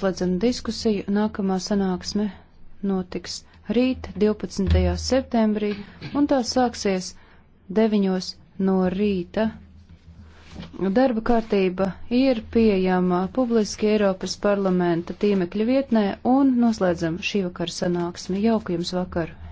Slēdzam diskusiju. Nākamā sanāksme notiks rīt 12. septembrī un tā sāksies 9. no rīta. Darba kārtība ir pieejama publiski Eiropas parlamenta tīmekļa vietnē un noslēdzam šī vakara sanāksmi. Jauku jums vakaru!